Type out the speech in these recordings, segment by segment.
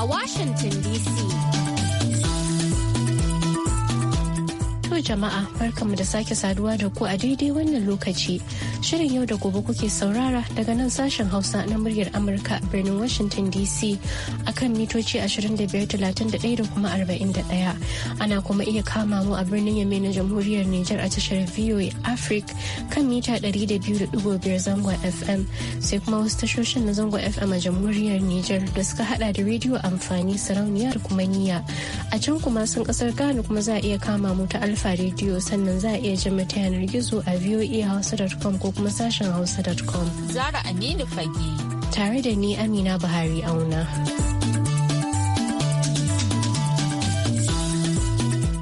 a Washington DC. To jama'a barkamu da sake saduwa da ku a daidai wannan lokaci. Shirin yau da gobe kuke saurara daga nan sashen Hausa na muryar Amurka birnin Washington DC kan mitoci 2531 da kuma 41. Ana kuma iya kama mu a birnin Yamai na Jamhuriyar Nijar a tashar VOA Africa kan mita 200.5 zangon FM sai kuma wasu tashoshin na zangon FM a Jamhuriyar Nijar da suka hada da rediyo amfani sarauniya da kuma niyya. A can kuma sun kasar Ghana kuma za a iya kama mu ta Alfa rediyo sannan za a iya jin ta yanar gizo a voahausa.com ko kuma sashen hausa.com. Zara Aminu Fage. Tare da ni Amina Buhari Auna.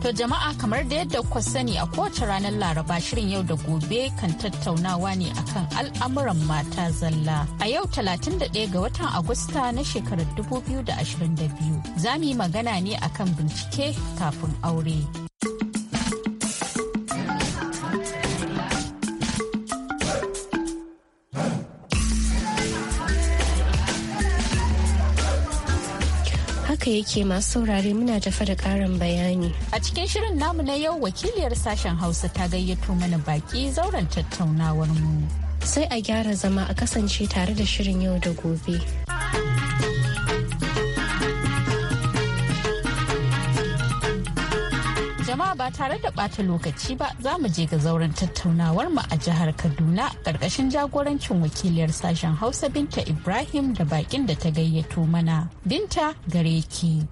To jama'a kamar da yadda kuka sani a kowace ranar Laraba shirin yau da gobe kan tattaunawa ne akan al'amuran mata zalla. A yau 31 ga watan Agusta na shekarar 2022 za mu yi magana ne akan bincike kafin aure. Haka yake masu saurare muna tafa da ƙarin bayani. A cikin shirin namu na yau wakiliyar sashen Hausa ta gayyato mana baki zauren tattaunawar mu. Sai a gyara zama a kasance tare da shirin yau da gobe. jama'a ba tare da ɓata lokaci ba za mu je ga zauren tattaunawar mu a jihar Kaduna ƙarƙashin jagorancin wakiliyar sashen Hausa Binta Ibrahim da bakin da ta gayyato mana. Binta gareki. ki.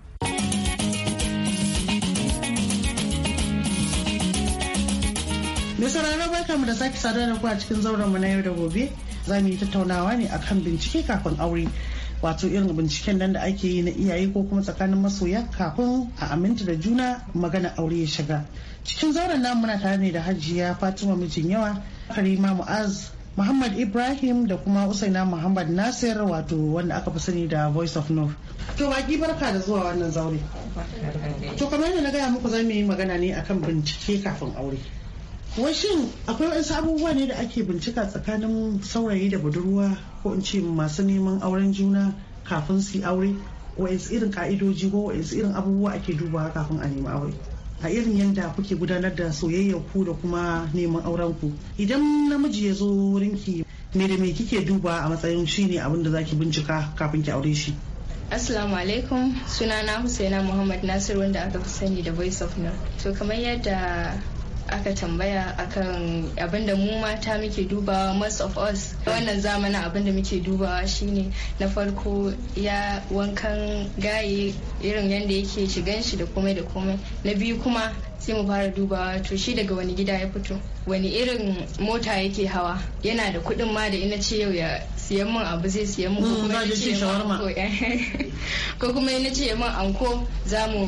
Mai sauraron barkamu da sake saduwa da ku a cikin zauren mu na yau da gobe za mu yi tattaunawa ne akan bincike kafin aure wato irin binciken nan da ake yi na iyaye ko kuma tsakanin masoya kafin a aminta da juna magana aure ya shiga cikin zauren namu muna tare ne da hajiya fatima mijin yawa karima mu'az Muhammad Ibrahim da kuma Usaina Muhammad Nasir wato wanda aka fi sani da Voice of North. To baki barka da zuwa wannan zaure. To kamar yadda na gaya muku zamu yi magana ne akan bincike kafin aure. washin akwai wasu abubuwa ne da ake bincika tsakanin saurayi da budurwa ko in ce masu neman auren juna kafin su aure wa'insu irin ka'idoji ko wa'insu irin abubuwa ake dubawa kafin a nemi aure a irin yadda kuke gudanar da soyayyar ku da kuma neman auren ku idan namiji ya zo wurinki me da me kike duba a matsayin shi ne abin da zaki bincika kafin ki aure shi Assalamu alaikum sunana Husaina Muhammad nasiru wanda aka fi sani da Voice of North. To kamar yadda aka tambaya akan abinda mu mata muke dubawa most of us wannan zamanin abinda muke dubawa shine na farko ya wankan gaye irin yadda yake shigan shi da komai da komai na biyu kuma sai mu fara dubawa to shi daga wani gida ya fito wani irin mota yake hawa yana da kuɗin ma da ina ce yau ya siyan min abu zai siyan mu. Mm, eh, ko kuma ina ce min anko za mu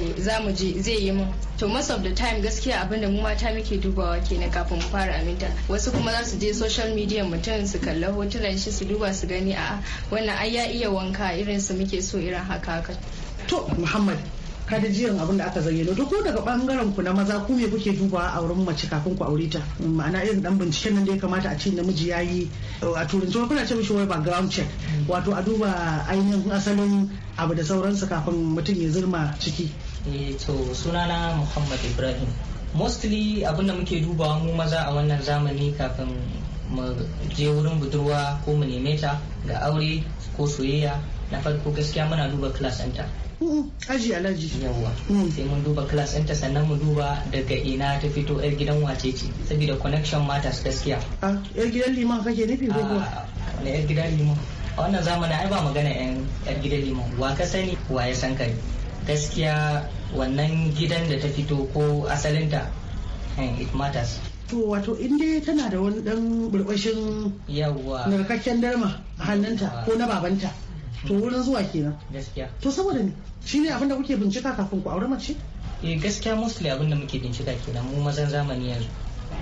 je zai yi mun. to most of the time gaskiya abin da mu mata muke dubawa kenan kafin mu fara aminta wasu kuma za su je social media mutum su kalla hotunan shi su duba su gani a wannan ai ya iya wanka irin su muke so irin haka haka to muhammad kada jiyan abin da aka zayyano duk ko daga bangaren ku na maza ku me kuke dubawa a wurin mace kafin ku aure ta ma'ana irin dan binciken nan da ya kamata a ce namiji ya yi uh, a turanci kuna ce mishi wai background check wato a duba ainihin asalin abu da sauransu kafin mutum ya zirma ciki eh to sunana Muhammad Ibrahim mostly abin da muke dubawa mu maza a wannan zamani kafin mu je wurin budurwa ko mu neme ta ga aure ko soyayya na farko gaskiya muna duba class center aji alaji yawwa mm. sai mun duba class center sannan mu duba daga ina ta fito yar gidan wace ce saboda connection matters gaskiya ah, yar gidan liman kake nufi ko ko na ah, yar gidan liman a wannan zamanin ai ba magana yan yar gidan liman wa ka sani wa ya san kai gaskiya wannan gidan da ta fito ko asalinta eh, it matters to wato in dai tana da wani dan burbashin yawa narkakken darma a hannunta ko na babanta to wurin zuwa kenan gaskiya to saboda me shine abin da kuke bincika kafin ku aure mace eh gaskiya mostly abin da muke bincika kenan mu mazan zamani yanzu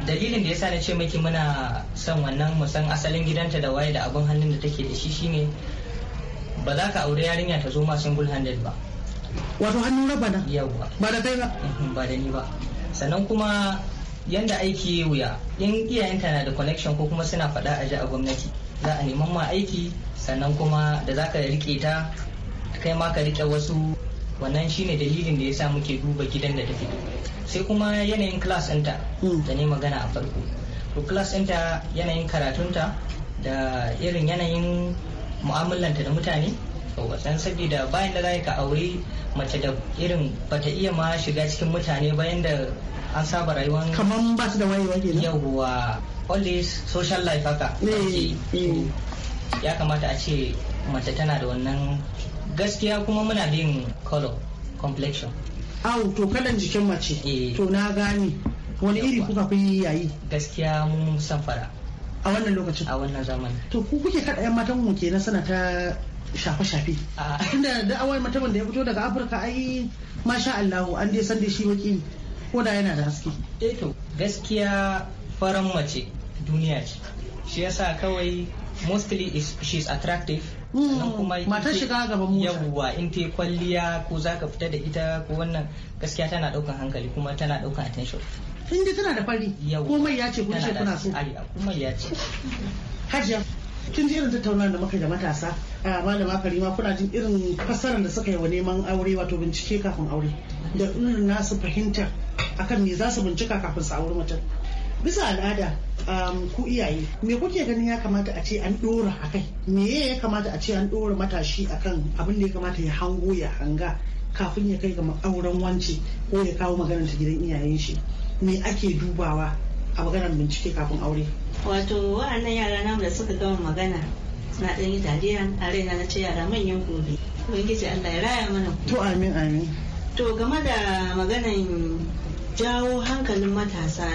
dalilin da yasa na ce miki muna son wannan mu san asalin gidanta da waye da abin hannun da take da shi shine ba za ka aure yarinya ta zo ma single handed ba wato hannun raba na yawa ba da kai ba mhm, ba da ni ba sannan kuma yanda aiki wuya in iyayenka na da connection ko kuma suna faɗa a ji a gwamnati za a neman ma aiki sannan kuma da za ka rike ta kai ma ka rike wasu wannan shine dalilin da ya sa muke duba gidan da ta sai kuma yanayin class ɗinta hmm. da ne magana a farko to class ɗinta yanayin karatunta da irin yanayin mu'amalanta da mutane wasan saboda bayan da za ka aure mace da irin bata iya ma shiga cikin mutane bayan da an saba rayuwar kamar ba su da wayewa kenan yawwa all this social life haka ya kamata a ce mace tana da wannan gaskiya kuma muna bin color complexion au to kalan jikin mace eh. to na gane wani iri kuka fi yayi gaskiya mun san fara a wannan lokacin a wannan zamanin to ku kuke kada yan matan mu kenan sana ta shafe-shafe ah. tunda da awai mataban da ya fito daga afirka ai masha allahu an dai san da shi waki ko da yana da haske eh to gaskiya faran mace duniya ce shi yasa kawai mostly is she's attractive mm. sannan kuma shiga gaban mota yawwa in ta kwalliya ko zaka fita da ita ko wannan gaskiya tana daukan hankali kuma tana daukan attention in dai tana da fari komai ya ce kun ce kuna so komai ya ce hajiya kin ji irin tattaunawa da muka da matasa a malama karima kuna jin irin fassarar da suka yi wa neman aure wato bincike kafin aure da irin nasu fahimta akan me za su bincika kafin su aure mutum bisa al'ada um, ku iyaye me kuke ganin ya kamata a ce an dora a kai me ya kamata a ce an dora matashi akan abin da ya kamata ya hango ya hanga kafin ya kai ga auren wance ko ya kawo maganar ta gidan iyayen shi me ake dubawa a maganar bincike kafin aure wato wa'annan yara namu da suka gama magana na ɗan yi dariya a raina na ce yara manyan gobe ubangiji Allah ya raya mana to amin amin to game da maganan jawo hankalin matasa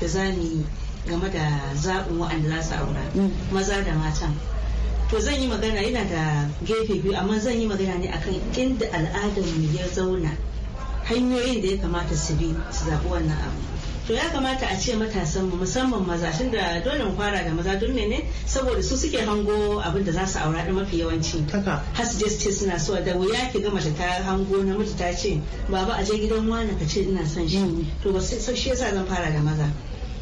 da za mu game da zaɓin wa'anda za su aura mm. maza da matan to zan yi magana yana da gefe biyu amma zan yi magana ne akan inda al'adar mu ya zauna hanyoyin da ya kamata su bi su zaɓi wannan abu to ya kamata a ce matasan mu musamman maza tun da dole fara da maza don ne saboda su suke hango abin da za su aura da mafi yawanci har su je su ce suna so da wuya ki ga mace ta hango namiji ta ce baba a je gidan wani ka ce ina son shi mm. to ba sai shi yasa zan fara da maza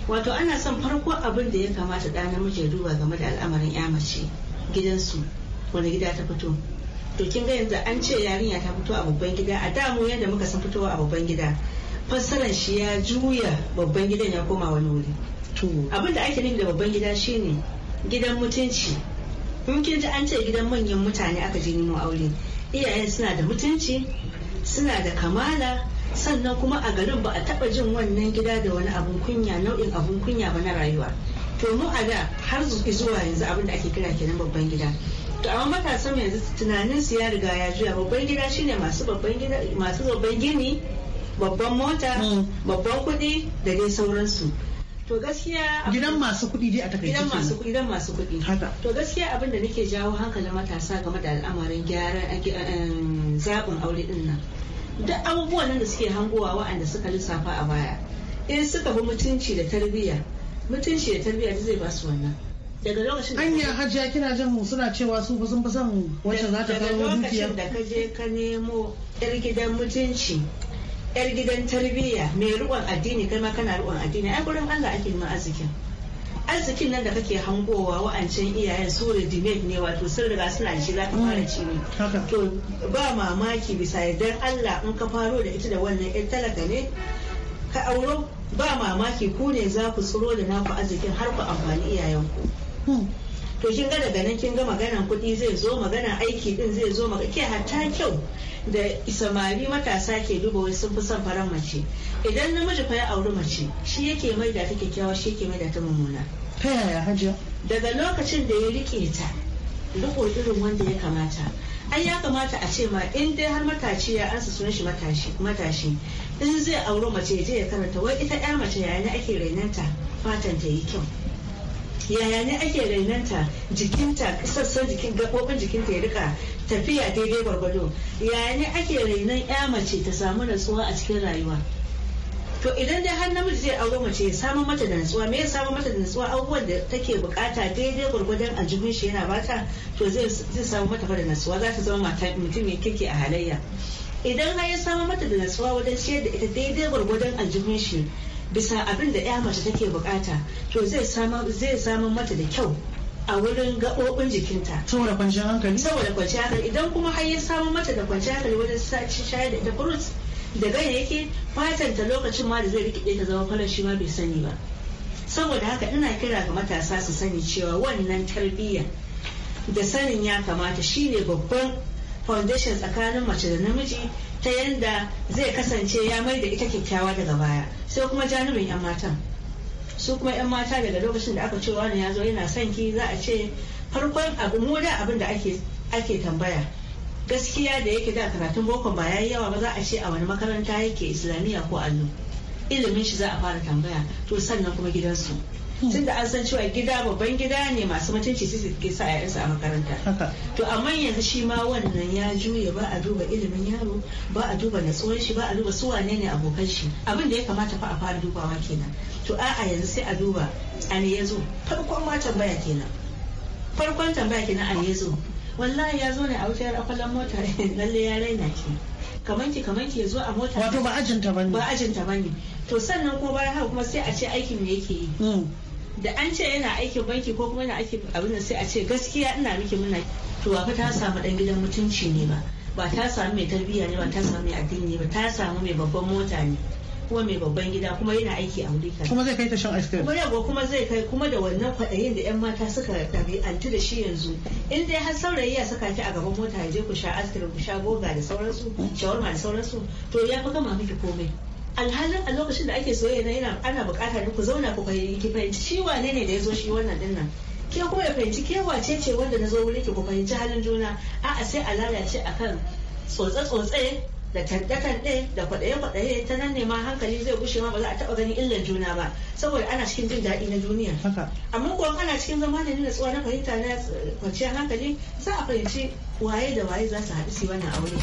wato ana son farko abin da ya kamata da namiji ya duba game da al'amarin ya mace gidansu wani gida ta fito to kin ga yanzu an ce yarinya ta fito a babban gida a da mu yadda muka san fitowa a babban gida fassarar shi ya juya babban gidan ya koma wani wuri abin da ake nufi da babban gida shine gidan mutunci in kin ji an ce gidan manyan mutane aka je nemo aure iyayen suna da mutunci suna da kamala sannan kuma a garin ba a taba jin wannan gida da wani abun kunya nau'in abun kunya ba na rayuwa to mu a da har zuwa yanzu abin da ake kira kenan babban gida to amma matasan yanzu tunanin su ya riga ya juya babban gida shine masu babban gini babban mota hmm. babban kudi da dai sauransu to gaskiya gidan masu kudi dai a takaice gidan masu kudi gidan masu kuɗi to gaskiya abin da nake jawo hankalin matasa game da al'amarin gyaran eh, eh, eh, zaɓin aure din nan duk abubuwan nan da suke hangowa waɗanda suka lissafa a baya in suka bi mutunci da tarbiyya mutunci da tarbiyya zai ba su wannan daga lokacin anya hajiya kina jin mu suna cewa su ba sun fi son wacce za ta kawo dukiya daga lokacin da ka je ka nemo yar gidan mutunci yar gidan tarbiyya mai riƙon addini kai ma kana riƙon addini ai gurin Allah ake neman arzikin arzikin nan da kake hangowa wa'ancan iyayen su redimed ne wato sun riga suna shiga shi za ka fara ci ne to ba mamaki bisa yadda Allah in ka faro da ita da wannan yan talaka ne ka auro ba mamaki ku ne za ku tsiro da naku arzikin har ku amfani iyayen ku hmm. to kin ga daga nan kin ga maganan kuɗi zai zo magana aiki din zai zo maga ke hatta kyau da isamari matasa ke duba wai sun fi son faran mace idan namiji fa ya auri mace shi yake mai da ta kyakkyawa shi yake mai da ta mummuna ta yaya hajiya daga lokacin da ya rike ta riko irin wanda ya kamata an ya kamata a ce ma in dai har matashi ya ansa sunan shi matashi in zai auri mace ya je ya karanta wai ita ya mace yayin ake rainanta fatan ta yi kyau yaya ne ake rainanta jikinta sassan jikin gaɓoɓin jikinta ya rika tafiya daidai gwargwado yaya ne ake rainan ya mace ta samu natsuwa a cikin rayuwa to idan dai har namiji zai auro mace ya samu mata da natsuwa me ya samu mata da natsuwa abubuwan da take bukata daidai gwargwadon jibin shi yana bata to zai samu mata da natsuwa za ta zama mata mutum mai kike a halayya idan har ya samu mata da natsuwa wajen ciyar da ita daidai gwargwadon aljihun shi bisa abin da ya mace take bukata to zai samu mata da kyau a wurin gaɓoɓin jikinta. Saboda kwanciyar hankali? Saboda kwanciyar hankali idan kuma har ya samu mata da kwanciyar hankali wajen sace shayar da ita fruits da ganyayyaki fatan ta lokacin ma da zai rikide ta zama kwallon shi ma bai sani ba. Saboda haka ina kira ga matasa su sani cewa wannan tarbiyya da sanin ya kamata shine babban foundation tsakanin mace da namiji ta yanda zai kasance ya mai da ita kyakkyawa daga baya. sai kuma janubin 'yan mata su kuma 'yan mata daga lokacin da aka ce wani ya zo yana son ki za a ce farkon abu mu da abin da ake ake tambaya gaskiya da yake da karatun boko ba yayi yawa ba za a ce a wani makaranta yake islamiyya ko allo ilimin shi za a fara tambaya to sannan kuma gidansu tunda an san cewa gida babban gida ne masu mutunci su ke sa yayansu a makaranta to amma yanzu shi ma wannan ya juya ba a duba ilimin yaro ba a duba natsuwan shi ba a duba su wane ne abokan shi abin da ya kamata fa a fara dubawa kenan to a'a yanzu sai a duba a ne ya zo farkon ma tambaya kenan farkon tambaya kenan a ne ya zo wallahi ya zo ne a wutar akwalan mota lalle ya raina ki kaman ki kaman ki ya zo a mota wato ba ajinta bane ba ajinta bane to sannan ko bayan haka kuma sai a ce aikin me yake yi hmm. da an ce yana aikin banki ko kuma yana aikin abin da sai a ce gaskiya ina miki muna to ba fa ta samu dan gidan mutunci ne ba ba ta samu mai tarbiyya ne ba ta samu mai addini ne ba ta samu mai babban mota ne kuma mai babban gida kuma yana aiki a Amurka kuma zai kai ta shan ice cream kuma kuma zai kai kuma da wannan kwadayin da yan mata suka antu da shi yanzu in dai har saurayi ya saka ki a gaban mota ya je ku sha ice cream ku sha goga da sauransu shawarma da sauransu to ya fi gama miki komai alhalin a lokacin da ake soyayya na yana ana bukata ne ku zauna ku fahimci fahimci shi wane ne da ya zo shi wannan din nan ke kuma ya fahimci ke wace ce wanda na zo wuri ki ku fahimci halin juna a'a sai a lalace akan tsotse-tsotse da tanɗe-tanɗe da kwaɗaye-kwaɗaye ta nan ne ma hankali zai gushe ma ba za a taɓa ganin illar juna ba saboda ana cikin jin daɗi na duniya amma kuwa kana cikin zama da nuna tsuwa na fahimta na kwanciyar hankali za a fahimci waye da waye za su haɗu su wannan aure.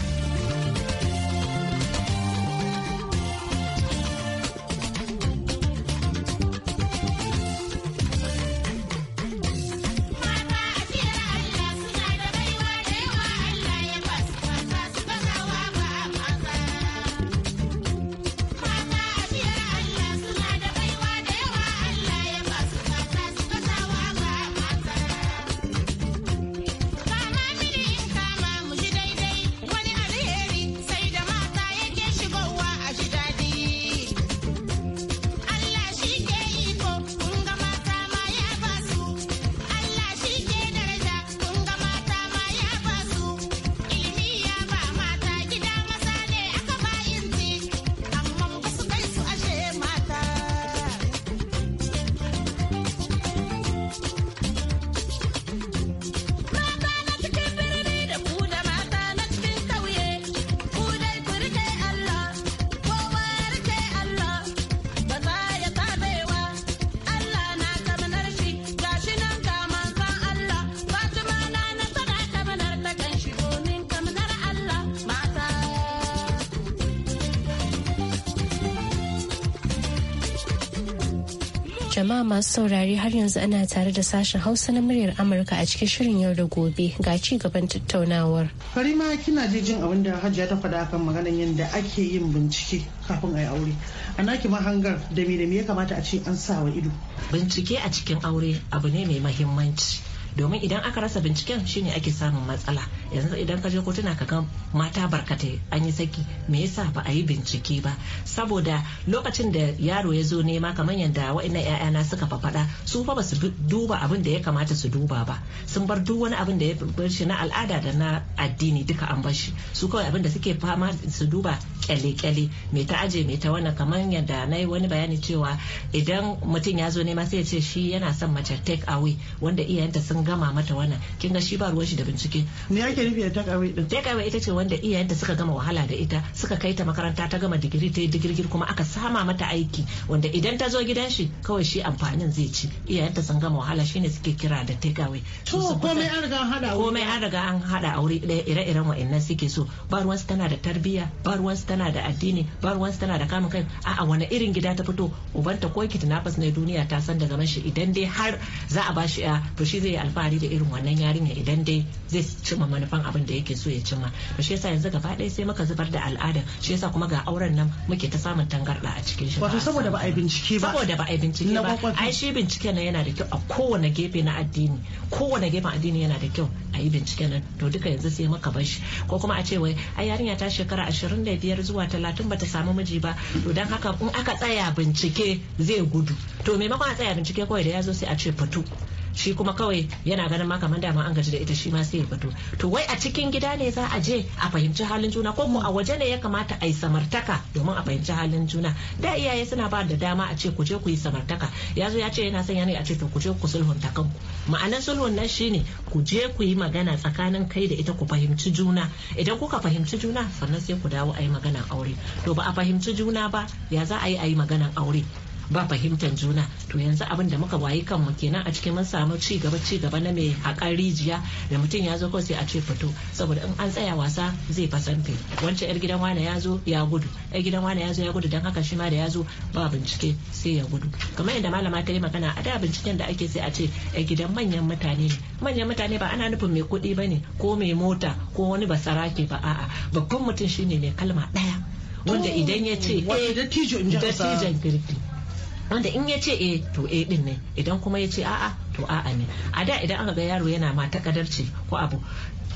Jama'a masu saurari har yanzu ana tare da sashen Hausa na muryar Amurka a cikin shirin yau da gobe ga ci gaban tattaunawar. Farima kina je jin abin da Hajiya ta faɗa kan maganar yadda ake yin bincike kafin a yi aure. A naki mahangar da me da me ya kamata a ce an sa wa ido. Bincike a cikin aure abu ne mai mahimmanci. domin idan aka rasa binciken shine ake samun matsala yanzu idan ka je kotuna ka ga mata barkatai an yi saki me yasa ba a yi bincike ba saboda lokacin da yaro ya zo nema kamar yadda wa'annan ƴaƴana suka fafada su fa ba su duba abin da ya kamata su duba ba sun bar duk wani abin da ya bar shi na al'ada da na addini duka an bar shi su kawai abin da suke fama su duba kyale-kyale mai ta aje mai ta wani kamar yadda na yi wani bayani cewa idan mutum ya zo nema sai ya ce shi yana son mace take away wanda iyayenta sun gama mata wannan kin ga shi ba ruwan shi da bincike me yake nufi da take away din take away ita ce wanda iyayenta suka gama wahala da ita suka kai ta makaranta ta gama digiri ta yi digirgir kuma aka sama mata aiki wanda idan ta zo gidan shi kawai shi amfanin zai ci iyayenta sun gama wahala shine suke kira da take away to komai an riga an hada komai an riga an hada aure ɗaya ire-iren wa'annan suke so ba su tana da tarbiyya ba ruwansu tana tana da addini ba ruwansu tana da kamun kai a'a wani irin gida ta fito ubanta ko fas na duniya ta san daga zaman shi idan dai har za a bashi ya to shi zai yi alfahari da irin wannan yarinya idan dai zai cimma manufan abin da yake so ya cimma to shi yasa yanzu gaba ɗaya sai muka zubar da al'ada shi yasa kuma ga auren nan muke ta samun tangarɗa a cikin shi wato saboda ba a bincike ba saboda ba a bincike ba ai shi bincike na yana da kyau a kowane gefe na addini kowane gefen addini yana da kyau a yi bincike nan to duka yanzu sai maka bashi ko kuma a ce wai ai yarinya ta shekara ashirin da biyar zuwa 30 bata samu miji ba to don haka in aka tsaya bincike zai gudu to maimakon a tsaya bincike kawai da ya zo sai a ce fito shi kuma kawai yana ganin ma kamar dama an gaji da ita shi ma sai ya fito to wai a cikin gida ne za a je a fahimci halin juna ko a waje ne ya kamata a yi samartaka domin a fahimci halin juna da iyaye suna ba da dama a ce ku je ku yi samartaka ya zo ya ce yana son yana a ce to ku je ku sulhunta kanku ma'anar sulhun nan shine ku je ku yi magana tsakanin kai da ita ku fahimci juna idan kuka fahimci juna sannan sai ku dawo a yi maganan aure to ba a fahimci juna ba ya za a yi a yi maganan aure ba fahimtar juna to yanzu abin da muka wayi kanmu kenan a cikin mun samu ci gaba ci gaba na mai haƙar rijiya da mutum ya zo kawai sai a ce fito saboda in an tsaya wasa zai fasante wancan yar gidan wane ya zo ya gudu yar gidan wane ya zo ya gudu don haka shi ma da ya zo ba bincike sai ya gudu kamar yadda malama ta yi magana a da binciken da ake sai a ce yar gidan manyan mutane ne manyan mutane ba ana nufin mai kuɗi ba ne ko mai mota ko wani basarake ba a'a babban mutum shine mai kalma ɗaya wanda oh, idan ya ce eh, tijon kirki wanda in ya ce e to e din ne idan kuma ya ce a'a to a'a ne a da idan aka ga yaro yana ma takadarci ko abu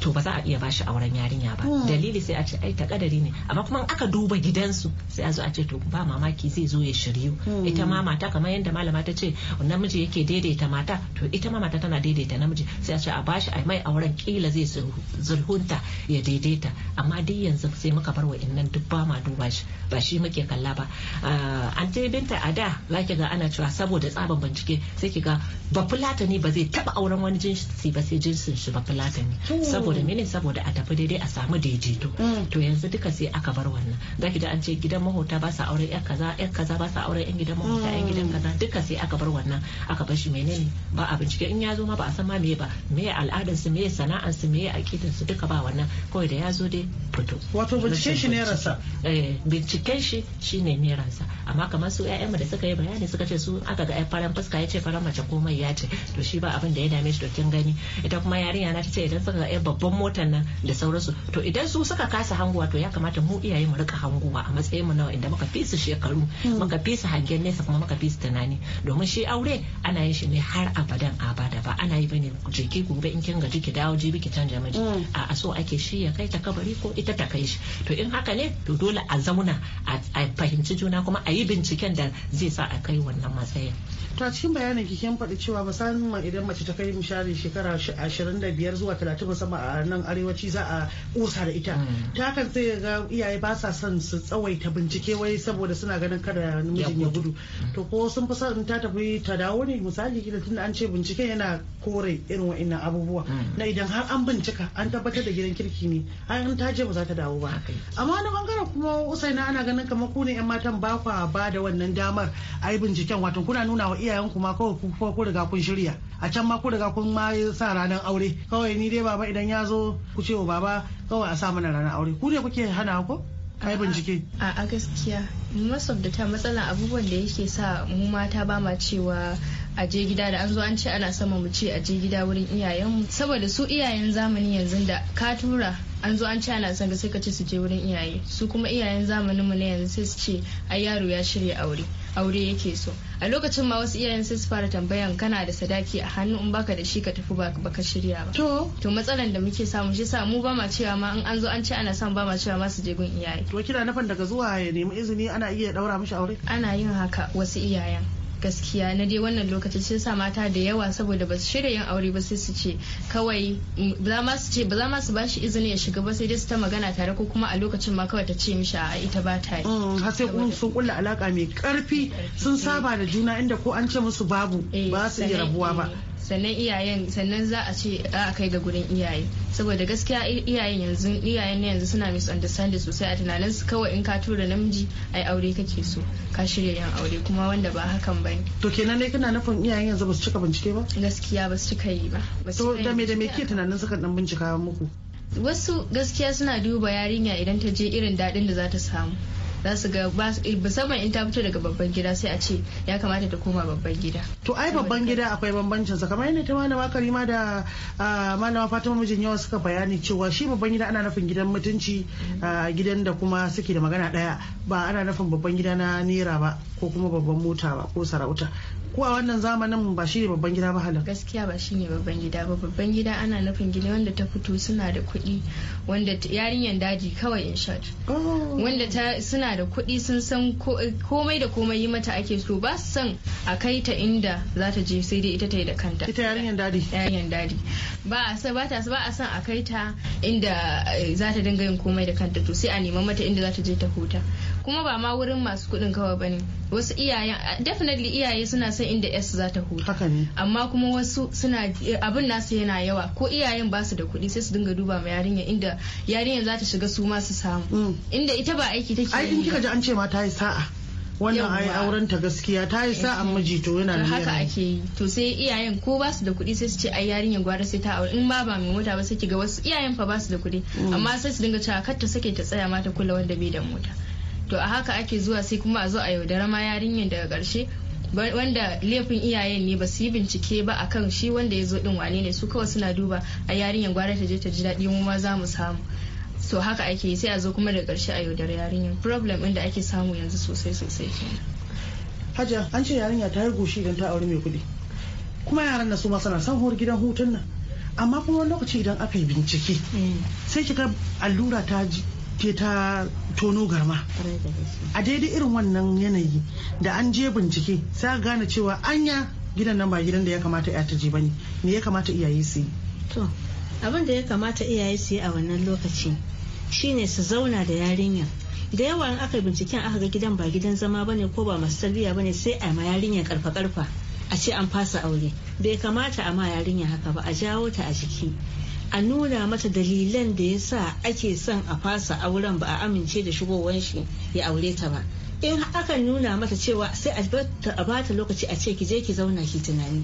to ba za a iya bashi auren yarinya ba hmm. dalili sai a ce ai ta kadari ne amma kuma aka duba gidansu sai a zo a ce to ba mamaki zai zo ya shiryu hmm. ita ma mata kamar yadda malama ta ce namiji yake daidaita mata to ita ma mata tana daidaita namiji sai a ce a bashi a mai auren kila zai zurhunta ya daidaita amma duk yanzu sai muka bar wa innan duk ba ma duba shi ba shi muke kalla ba an ah, ta binta a da ki ga ana cewa saboda tsaban bincike sai ki ga ba fulatani ba zai taba auren wani jinsi ba sai jinsin shi ba fulatani hmm. saboda saboda mm. mene saboda a tafi daidai a samu daidaito mm. to yanzu duka sai aka bar wannan zaki da an ce gidan mahota ba sa auren yan kaza yan kaza ba sa auren yan gidan mahota yan gidan mm. kaza duka sai aka bar wannan aka bar shi menene ba a bincike in ya zo ma ba a san ma meye ba meye al'adar su meye sana'ar su meye aƙidar su duka ba wannan kawai da ya zo dai fito wato bincike shi ne ransa eh bincike shi shine ne ransa amma kamar su mu da suka yi bayani suka ce su aka ga faran fuska ya ce faran mace komai ya ce to shi ba abin da ya dame shi to kin gani ita kuma yarinya na ta ce idan suka ga babban motar nan da sauransu to idan su suka kasa hanguwa to ya kamata mu iyaye mu rika hanguwa a matsayin mu na inda muka fi su shekaru hmm. muka fi su hangen nesa kuma muka fi su tunani domin shi aure ana yin shi ne har abadan abada ba ana yi bane jiki gobe in kin gaji ki dawo jibi ki canja miji hmm. a so ake shi ya kai ta kabari ko ita ta kai shi to in haka ne to dole a zauna a fahimci juna kuma a yi binciken da zai sa a kai wannan matsayin to cikin bayanin ki kin faɗi cewa musamman idan mace ta kai misali shekara 25 zuwa 30 musamman a nan arewaci za a kusa da ita hmm. ta kan sai ga iyaye ba sa son su tsawaita bincike wai saboda suna ganin kada namijin ya gudu to ko sun fi son ta tafi ta dawo ne misali gida tunda an ce binciken yana kore irin wa'annan abubuwa hmm. na idan har an bincika an tabbatar da gidan kirki ne har an ta je ba za ta dawo ba amma wani bangaren kuma usaina ana ganin kamar ku ne yan matan ba kwa ba da wannan damar a yi binciken wato kuna nuna wa iyayen kuma kawai ku riga kun shirya a can ma ku riga kun ma sa ranar aure kawai ni dai baba idan ya zo ku ce wa baba kawai a sa mana ranar aure ku ne kuke hana ko kai bincike a gaskiya most of the time matsalan abubuwan da yake sa mu mata ba ma cewa a je gida da an zo an ce ana sama mu ce a je gida wurin iyayenmu saboda su iyayen zamani yanzu da ka tura an zo an ce ana son sai ka ce su je wurin iyaye su kuma iyayen zamanin mu na yanzu sai su ce ai yaro ya shirya aure aure yake so a lokacin ma wasu iyayen sai su fara tambayan kana da sadaki a hannu in baka da shi ka tafi ba baka shirya ba to to matsalan da muke samu shi sa mu ba ma cewa ma in an zo an ce ana son ba ma cewa ma su je gun iyaye to kina nufin daga zuwa ya nemi izini ana iya daura mishi aure ana yin haka wasu iyayen gaskiya na dai wannan lokaci sai sa mata da yawa saboda ba su shirya yin aure ba sai su ce kawai ba ma su ba za ma su bashi izini ya shiga ba sai dai su ta magana tare ko kuma a lokacin ma kawai ta ce mishi a ita ba ta yi mm, har sai sun kulla alaka mai karfi sun saba da juna inda ko an ce musu babu eh, ba su iya rabuwa ba eh. sannan iyayen sannan za a ce a kai ga gurin iyaye saboda gaskiya iyayen yanzu iyayen ne yanzu suna misunderstanding sosai a tunanin su kawai in ka tura namiji ai aure kake so ka shirya yan aure kuma wanda ba hakan ne. to kenan ne kana nufin iyayen yanzu ba su cika bincike ba gaskiya ba su cika yi ba to da me da me ke tunanin suka dan bincika muku wasu gaskiya suna duba yarinya idan ta je irin dadin da za ta samu za su ga eh, musamman in ta fito daga babban gida sai a ce ya kamata ta koma babban gida to ai babban gida akwai bambancin sa kamar yadda ta malama karima da ah, malama fatima mijin yawa suka bayani cewa shi babban gida ana nufin gidan mutunci mm. ah, gidan da kuma suke da magana ɗaya ba ana nufin babban gida na nera ba ko kuma babban mota ba ko sarauta ko a wannan zamanin ba shi ne babban gida ba halin gaskiya ba shi ne babban gida ba babban gida ana nufin gida wanda ta fito suna da kuɗi wanda yarinyar daji kawai in shot oh. wanda ta suna da kuɗi sun san komai da komai yi mata ake so ba su san a kai ta inda za ta je sai dai ita ta yi da kanta ita yarinyar daji yarinyar daji ba a san ba ta ba a san a kai ta inda eh, za ta dinga yin komai da kanta to sai a nemi mata inda za ta je ta huta kuma ba ma wurin masu kuɗin kawai bane wasu iyayen definitely iyaye suna son inda s za ta huta amma kuma wasu suna abin nasu yana yawa ko iyayen ba su da kuɗi sai su dinga duba ma yarinya inda yarinya za ta shiga su ma su samu mm. inda ita ba aiki take aikin kika ji an ce ma ta yi sa'a wannan ai auren ta gaskiya ta yi sa'an miji to yana da haka ake yi to sai iyayen ko ba su da kuɗi sai su ce ai yarinya gwara sai ta aure in ba ba mai mota ba sai ki ga wasu iyayen fa ba su da kuɗi mm. amma sai su dinga cewa kar ta sake ta tsaya ma ta kula wanda bai da mota to a haka ake zuwa sai kuma a zo a yaudara ma yarinyar daga karshe wanda laifin iyayen ne ba su yi bincike ba a kan shi wanda ya zo din wane ne su kawai suna duba a yarinyar gwara ta je ta ji daɗi mu ma za mu samu so haka ake yi sai a zo kuma da ƙarshe a yaudara yarinyar problem ɗin da ake samu yanzu sosai sosai kenan hajja an ce yarinya ta hargo shi idan ta aure mai kuɗi kuma yaran na su ma suna son hor gidan hutun nan amma kuma wani lokaci idan aka yi bincike mm. sai kika allura ta ji ke ta tono garma a daidai irin wannan yanayi da an je bincike sa gane cewa anya gidan nan ba gidan da ya kamata ya ta je bane me ya kamata iyaye su yi to abin da ya kamata iyaye su yi a wannan lokaci shine su zauna da yarinya da yawa in aka binciken aka ga gidan ba gidan zama bane ko ba masu tarbiyya bane sai a ma yarinya karfa karfa a ce an fasa aure bai kamata a ma yarinya haka ba a jawo ta a jiki a nuna mata dalilan da ya sa ake son a fasa auren ba a amince da shigowar shi ya aure ta ba in akan nuna mata cewa sai a bata lokaci a ce ki je ki zauna ki tunani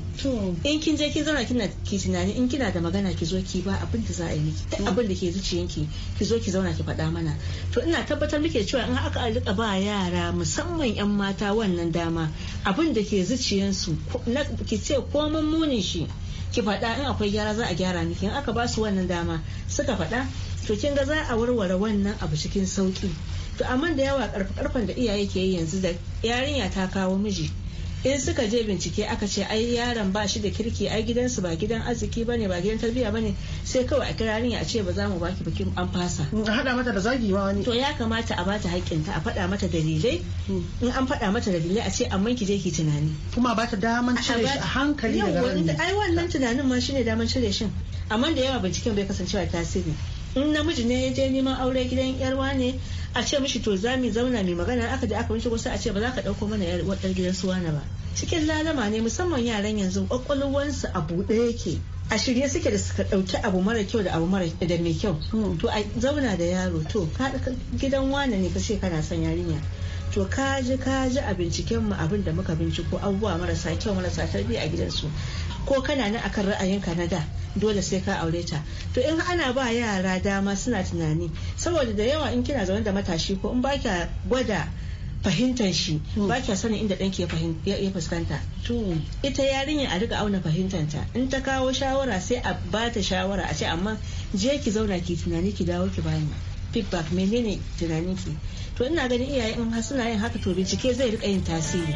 in kin je ki zauna kina ki tunani in kina da magana ki zo ki ba abin da za a yi ta abin da ke zuciyanki ki zo ki zauna ki faɗa mana to ina tabbatar muke cewa in aka rika ba yara musamman yan mata wannan dama abin da ke zuciyansu ki ce komai munin shi ki faɗa in akwai gyara za a gyara miki in aka ba su wannan dama suka faɗa to kin ga za a warware wannan abu cikin sauki to amma da yawa karfa karfen da iyaye ke yi yanzu da yarinya ta kawo miji in suka je bincike aka ce ai yaron ba shi da kirki ai gidansu ba gidan arziki bane ba gidan tarbiyya bane sai kawai a kira a ce ba za mu baki bikin an fasa a hada mata da zagi ma wani to ya kamata a bata hakinta a faɗa mata dalilai hmm. in an faɗa mata dalilai a ce amma ki je ki tunani kuma ba ta daman cire shi a hankali daga ranar ai wannan tunanin ma shine daman cire shin amma da yawa binciken bai kasancewa tasiri in namiji ne ya je neman aure gidan yarwa ne a ce mishi to za mu zauna mai magana aka je aka mishi kusa a ce ba za ka dauko mana yar wadar gidan su wani ba cikin lalama ne musamman yaran yanzu kwakwalwansu a buɗe yake a shirye suke da suka ɗauki abu mara kyau da abu mara da mai kyau hmm. to a zauna da yaro to gidan wane ne ka ce kana son yarinya to kaji kaji a binciken mu abin da muka binciko abubuwa marasa kyau marasa tarbiyya a gidan su. ko kana nan akan ra'ayinka na da dole sai ka aure ta to in ana ba yara dama suna tunani saboda da yawa in kina zaune da matashi ko in ba gwada fahimtar shi hmm. ba kya sanin inda ɗan ke ya fuskanta. Hmm. Ita yarinya a rika auna fahimtanta in ta kawo shawara sai a ba ta shawara a ce amma je ki zauna ki tunani ki dawo ki bani feedback menene tunanin ki to ina ganin iyaye in suna yin haka to bincike zai rika yin tasiri.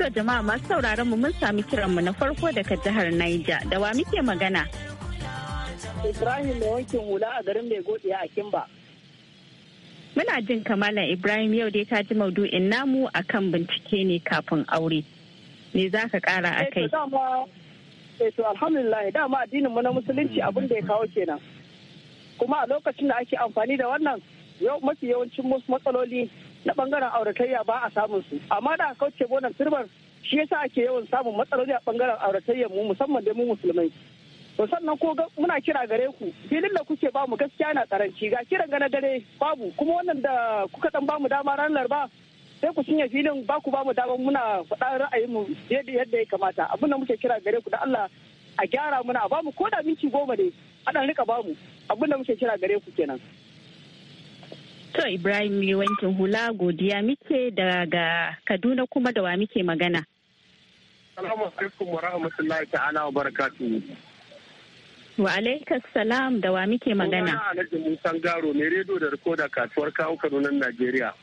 To jama'a masu sauraron mu mun sami kiran mu na farko daga jihar Niger da wa muke magana. Ibrahim mai wankin hula a garin mai godiya a Kimba. Muna jin kamalan Ibrahim yau dai ta ji maudu'in namu akan bincike ne kafin aure. Me za ka kara a kai? Eh, eh, to alhamdulillah dama addinin mu na musulunci abin da ya kawo kenan kuma a lokacin da ake amfani da wannan mafi yawancin matsaloli na bangaren auratayya ba a samun su amma da kauce gonar sirbar shi yasa ake yawan samun matsaloli a bangaren auratayya mu musamman da mu musulmai to sannan ko muna kira gare ku filin da kuke ba mu gaskiya na karanci ga kiran gana dare babu kuma wannan da kuka dan ba mu dama ranar larba sai ku cinye filin ba ku ba mu dama muna faɗa ra'ayin yadda yadda ya kamata abin da muke kira gare ku da Allah a gyara muna a bamu ko da minti goma ne a dan rika bamu abin da muke kira gare ku kenan To Ibrahim mai wankin hula godiya muke daga Kaduna kuma da wa muke magana. Salamu alaikum wa rahmatullahi ta'ala wa barakatu. Wa alaikas salam da wa muke magana. Sunana Alhaji Musan Garo ne rediyo da rikoda kasuwar kawo Kaduna Najeriya.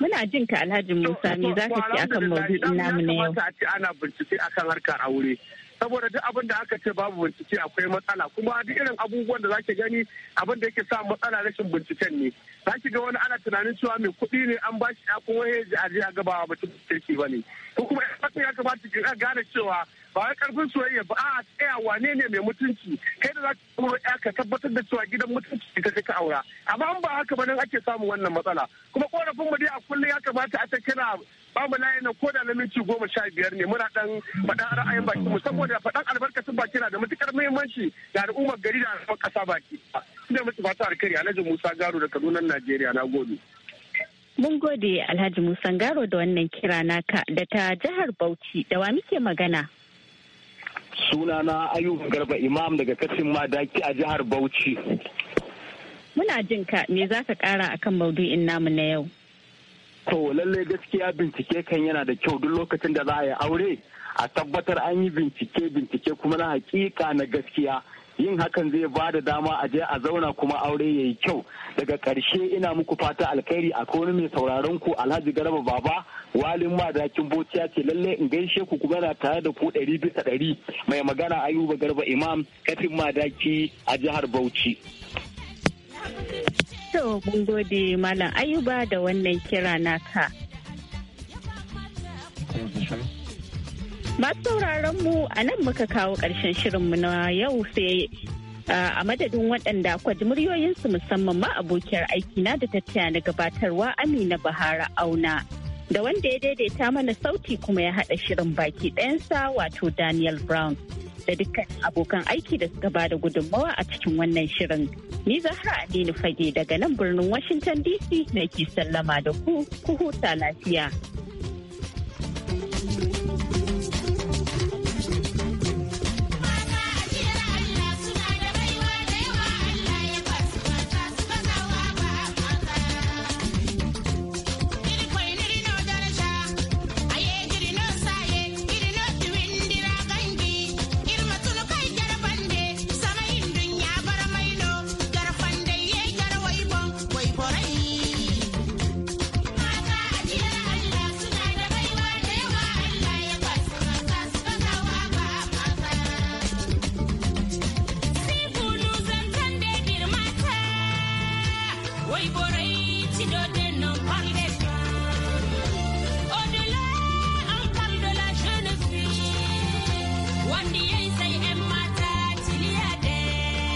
Muna jin ka Alhaji Musa ne za ka ce akan ina namu na yau. ana bincike akan harkar aure. saboda duk abin da aka ce babu bincike akwai matsala kuma duk irin abubuwan da zaki gani abin da yake sa matsala rashin binciken ne zaki ga wani ana tunanin cewa mai kuɗi ne an bashi ya kuma ya ji aje a ba ta kirki ba ne ko kuma ya kamata ki gane cewa ba wai karfin soyayya ba a tsaya wane ne mai mutunci kai da zaki kuma ya ka tabbatar da cewa gidan mutunci ka ka aura amma an ba haka ba nan ake samun wannan matsala kuma korafin mu dai a kullum ya kamata a ta kira babu layi na da na minti goma sha biyar ne muna dan faɗan ra'ayin baki mu saboda faɗan albarkacin baki na da matukar muhimmanci da al'ummar gari da al'ummar ƙasa baki ina mutu fata alkari alhaji musa garo da kaduna najeriya na gode. mun gode alhaji musa garo da wannan kira naka da ta jihar bauchi da wa muke magana. sunana ayuba garba imam daga kasin madaki a jihar bauchi muna jin ka me za ka kara akan maudu'in namu na yau to lallai gaskiya bincike kan yana da kyau duk lokacin da za a yi aure a tabbatar an yi bincike bincike kuma na hakika na gaskiya yin hakan zai ba da dama a je a zauna kuma aure ya yi kyau daga ƙarshe ina muku fata alkhairi a wani mai sauraron ku alhaji garba baba walin madakin bociya ce lallai in gaishe ku kuma na tare da ku ɗari bisa ɗari mai magana ayuba garba imam kafin madaki a jihar bauchi To, mun gode Malam Ayuba da wannan kira naka. Masu sauraron mu a nan muka kawo ƙarshen shirinmu na yau sai a madadin waɗanda kwaji muryoyinsu musamman ma abokiyar aikina da tattaya na gabatarwa Amina Bahara Auna. da wanda ya daidaita mana sauti kuma ya haɗa shirin baki ɗayansa wato Daniel Brown da dukkan abokan aiki da suka ba da gudunmawa a cikin wannan shirin. Ni Zahra Aminu Fage daga nan birnin Washington DC na ke sallama da ku, ku lafiya.